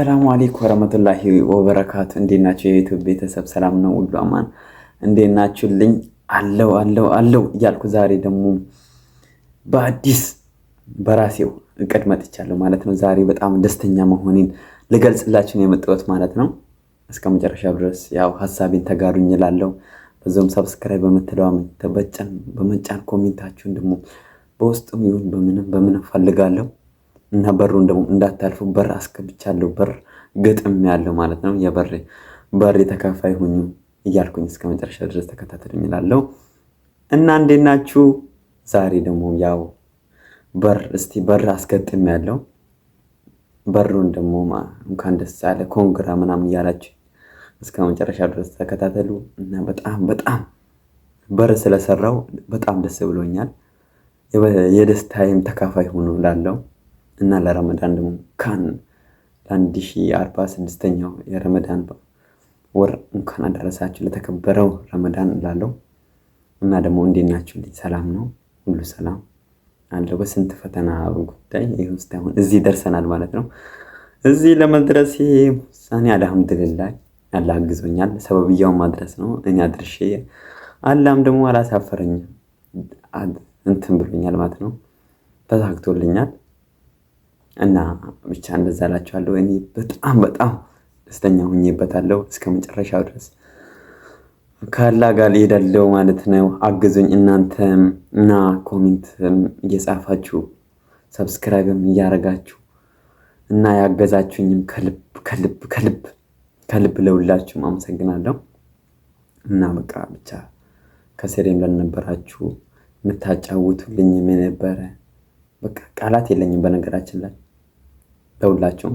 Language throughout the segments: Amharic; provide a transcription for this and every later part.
ሰላሙ አለይኩም ወረመቱላሂ ወበረካቱ። እንዴት ናቸው የዩቲዩብ ቤተሰብ? ሰላም ነው ሁሉ አማን? እንዴት ናችሁልኝ? አለው አለው አለው እያልኩ ዛሬ ደግሞ በአዲስ በራሴው እቅድ መጥቻለሁ ማለት ነው። ዛሬ በጣም ደስተኛ መሆኔን ልገልጽላችሁ ነው የመጣሁት ማለት ነው። እስከ መጨረሻው ድረስ ያው ሀሳቤን ተጋሩኝ እላለሁ። በዚያውም ሰብስክራይብ በምትለዋ በመጫን ኮሜንታችሁን ደግሞ በውስጥም ይሁን በምንም በምንም ፈልጋለሁ እና በሩን ደግሞ እንዳታልፉ በር አስከብቻለሁ። በር ገጥም ያለው ማለት ነው። የበር በር የተካፋይ ሁኙ እያልኩኝ እስከ መጨረሻ ድረስ ተከታተል እላለሁ። እና እንዴት ናችሁ? ዛሬ ደግሞ ያው በር እስቲ በር አስገጥም ያለው በሩን ደግሞ እንኳን ደስ ያለ ኮንግራ ምናምን እያላችሁ እስከ መጨረሻ ድረስ ተከታተሉ እና በጣም በጣም በር ስለሰራው በጣም ደስ ብሎኛል። የደስታዬም ተካፋይ ሁኑ እላለሁ። እና ለረመዳን ደግሞ ካን ለአንድ ሺህ አርባ ስድስተኛው የረመዳን ወር እንኳን አደረሳችሁ ለተከበረው ረመዳን እላለሁ። እና ደግሞ እንዴት ናችሁ? ሰላም ነው ሁሉ ሰላም አለ? በስንት ፈተና ጉዳይ ይህ ውስጥ አሁን እዚህ ደርሰናል ማለት ነው። እዚህ ለመድረስ ውሳኔ አልሐምድልላህ አላህ አግዞኛል። ሰበብያውን ማድረስ ነው እኔ አድርሼ፣ አላም ደግሞ አላሳፈረኝም እንትን ብሎኛል ማለት ነው። ተሳክቶልኛል። እና ብቻ እንደዛ እላችኋለሁ። እኔ በጣም በጣም ደስተኛ ሁኜበታለሁ። እስከ መጨረሻው ድረስ ካላ ጋር ማለት ነው። አግዙኝ እናንተም እና ኮሜንትም እየጻፋችሁ ሰብስክራይብም እያረጋችሁ እና ያገዛችሁኝም ከልብ ከልብ ከልብ ከልብ ለሁላችሁም አመሰግናለሁ። እና በቃ ብቻ ከስሬም ለነበራችሁ የምታጫውቱልኝም የነበረ በቃ ቃላት የለኝም። በነገራችን ላይ ለሁላችሁም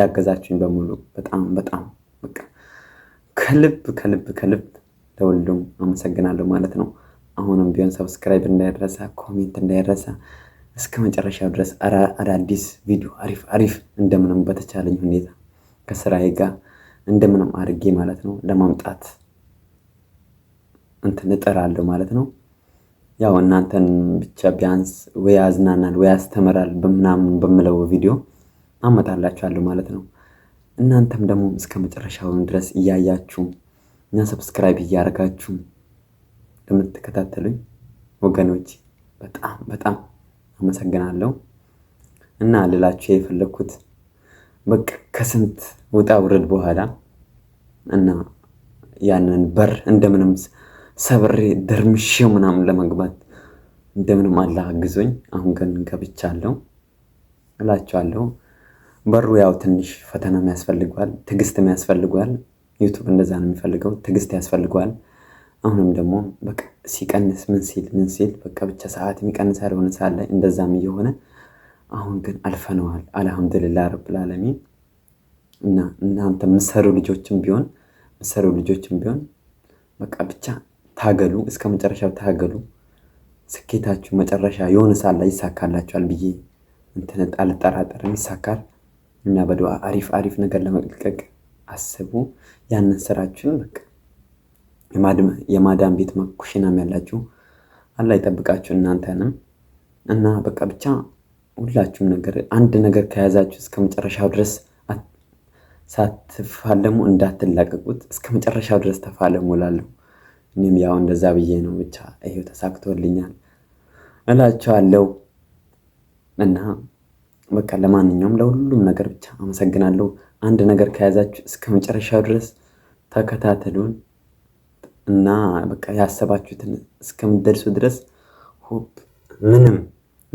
ያገዛችሁኝ በሙሉ በጣም በጣም በቃ ከልብ ከልብ ከልብ ለሁሉም አመሰግናለሁ ማለት ነው። አሁንም ቢሆን ሰብስክራይብ እንዳይረሳ፣ ኮሜንት እንዳይረሳ እስከ መጨረሻው ድረስ አዳዲስ ቪዲዮ አሪፍ አሪፍ እንደምንም በተቻለኝ ሁኔታ ከስራዬ ጋር እንደምንም አድርጌ ማለት ነው ለማምጣት እንትን እጠራለሁ ማለት ነው። ያው እናንተን ብቻ ቢያንስ ወይ ያዝናናል ወይ ያስተምራል ምናምን በምለው ቪዲዮ አመጣላችኋለሁ ማለት ነው። እናንተም ደግሞ እስከ መጨረሻውን ድረስ እያያችሁ እና ሰብስክራይብ እያደረጋችሁ ለምትከታተሉኝ ወገኖች በጣም በጣም አመሰግናለሁ እና ልላችሁ የፈለግኩት በቃ ከስንት ውጣ ውረድ በኋላ እና ያንን በር እንደምንም ሰብሬ ደርምሼ ምናምን ለመግባት እንደምንም አላህ አግዞኝ አሁን ግን ገብቻለሁ እላችኋለሁ። በሩ ያው ትንሽ ፈተናም ያስፈልገዋል፣ ትዕግስትም ያስፈልገዋል። ዩቱብ እንደዛ ነው የሚፈልገው፣ ትዕግስት ያስፈልገዋል። አሁንም ደግሞ በቃ ሲቀንስ ምን ሲል ምን ሲል በቃ ብቻ ሰዓት የሚቀንስ ያልሆነ ሳለ እንደዛም እየሆነ አሁን ግን አልፈነዋል። አልሐምዱሊላ ረብል ዓለሚን እና እናንተ ምሰሩ ልጆችም ቢሆን ምሰሩ ልጆችም ቢሆን በቃ ብቻ ታገሉ፣ እስከ መጨረሻው ታገሉ። ስኬታችሁ መጨረሻ የሆነ ሰዓት ላይ ይሳካላችኋል ብዬ እንትን አልጠራጠርም፣ ይሳካል እና በዱዓ አሪፍ አሪፍ ነገር ለመልቀቅ አስቡ። ያንን ስራችሁን በቃ የማዳም ቤት ኩሽናም ያላችሁ አላህ ይጠብቃችሁ እናንተንም እና በቃ ብቻ ሁላችሁም ነገር አንድ ነገር ከያዛችሁ እስከ መጨረሻው ድረስ ሳትፋለሙ እንዳትላቀቁት። እስከ መጨረሻው ድረስ ተፋለሙ እላለሁ። እኔም ያው እንደዛ ብዬ ነው ብቻ ይሄው ተሳክቶልኛል እላቸዋለሁ። እና በቃ ለማንኛውም ለሁሉም ነገር ብቻ አመሰግናለሁ። አንድ ነገር ከያዛችሁ እስከ መጨረሻው ድረስ ተከታተሉን እና በቃ ያሰባችሁትን እስከምትደርሱ ድረስ ሆፕ ምንም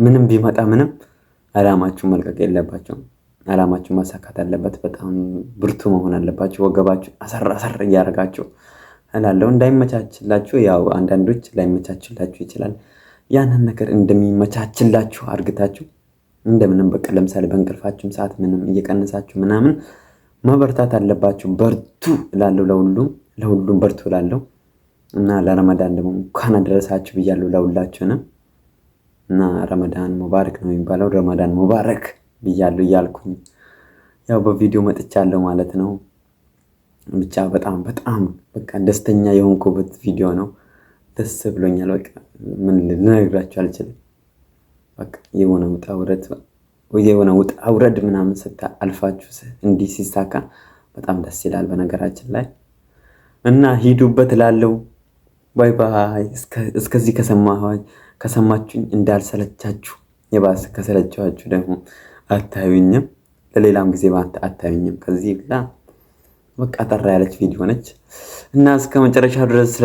ምንም ቢመጣ ምንም አላማችሁ መልቀቅ የለባቸውም። አላማችሁ ማሳካት አለበት። በጣም ብርቱ መሆን አለባቸው ወገባችሁ አሰር አሰር እያደረጋቸው። እላለሁ። እንዳይመቻችላችሁ ያው አንዳንዶች ላይመቻችላችሁ ይችላል። ያንን ነገር እንደሚመቻችላችሁ አርግታችሁ እንደምንም በቃ ለምሳሌ በእንቅልፋችሁም ሰዓት ምንም እየቀነሳችሁ ምናምን መበርታት አለባችሁ። በርቱ እላለሁ። ለሁሉም ለሁሉም በርቱ እላለሁ እና ለረመዳን ደግሞ እንኳን አደረሳችሁ ብያለሁ ለሁላችሁንም እና ረመዳን ሙባረክ ነው የሚባለው። ረመዳን ሙባረክ ብያለሁ እያልኩኝ ያው በቪዲዮ መጥቻለሁ ማለት ነው። ብቻ በጣም በጣም በቃ ደስተኛ የሆንኩበት ቪዲዮ ነው። ደስ ብሎኛል። በቃ ምን ልነግራቸው አልችልም። የሆነ ውጣ ውረድ የሆነ ምናምን ስታ አልፋችሁ እንዲህ ሲሳካ በጣም ደስ ይላል። በነገራችን ላይ እና ሂዱበት ላለው ባይ ባይ። እስከዚህ ከሰማችሁኝ እንዳልሰለቻችሁ፣ የባስ ከሰለቻችሁ ደግሞ አታዩኝም፣ ለሌላም ጊዜ አታዩኝም ከዚህ ብላ በቃ ጠራ ያለች ቪዲዮ ነች እና እስከ መጨረሻ ድረስ